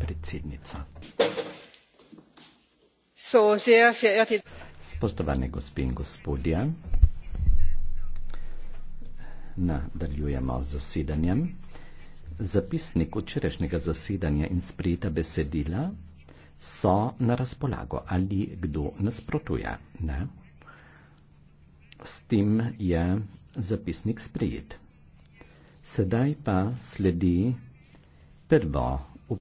predsednica spoštovane gospe in gospodje nadaljujemo z zasedanjem zapisnik včerajšnjega zasedanja in sprejeta besedila so na razpolago ali kdo nasprotuje ne s tem je zapisnik sprejet Sedaj pa sledi prvo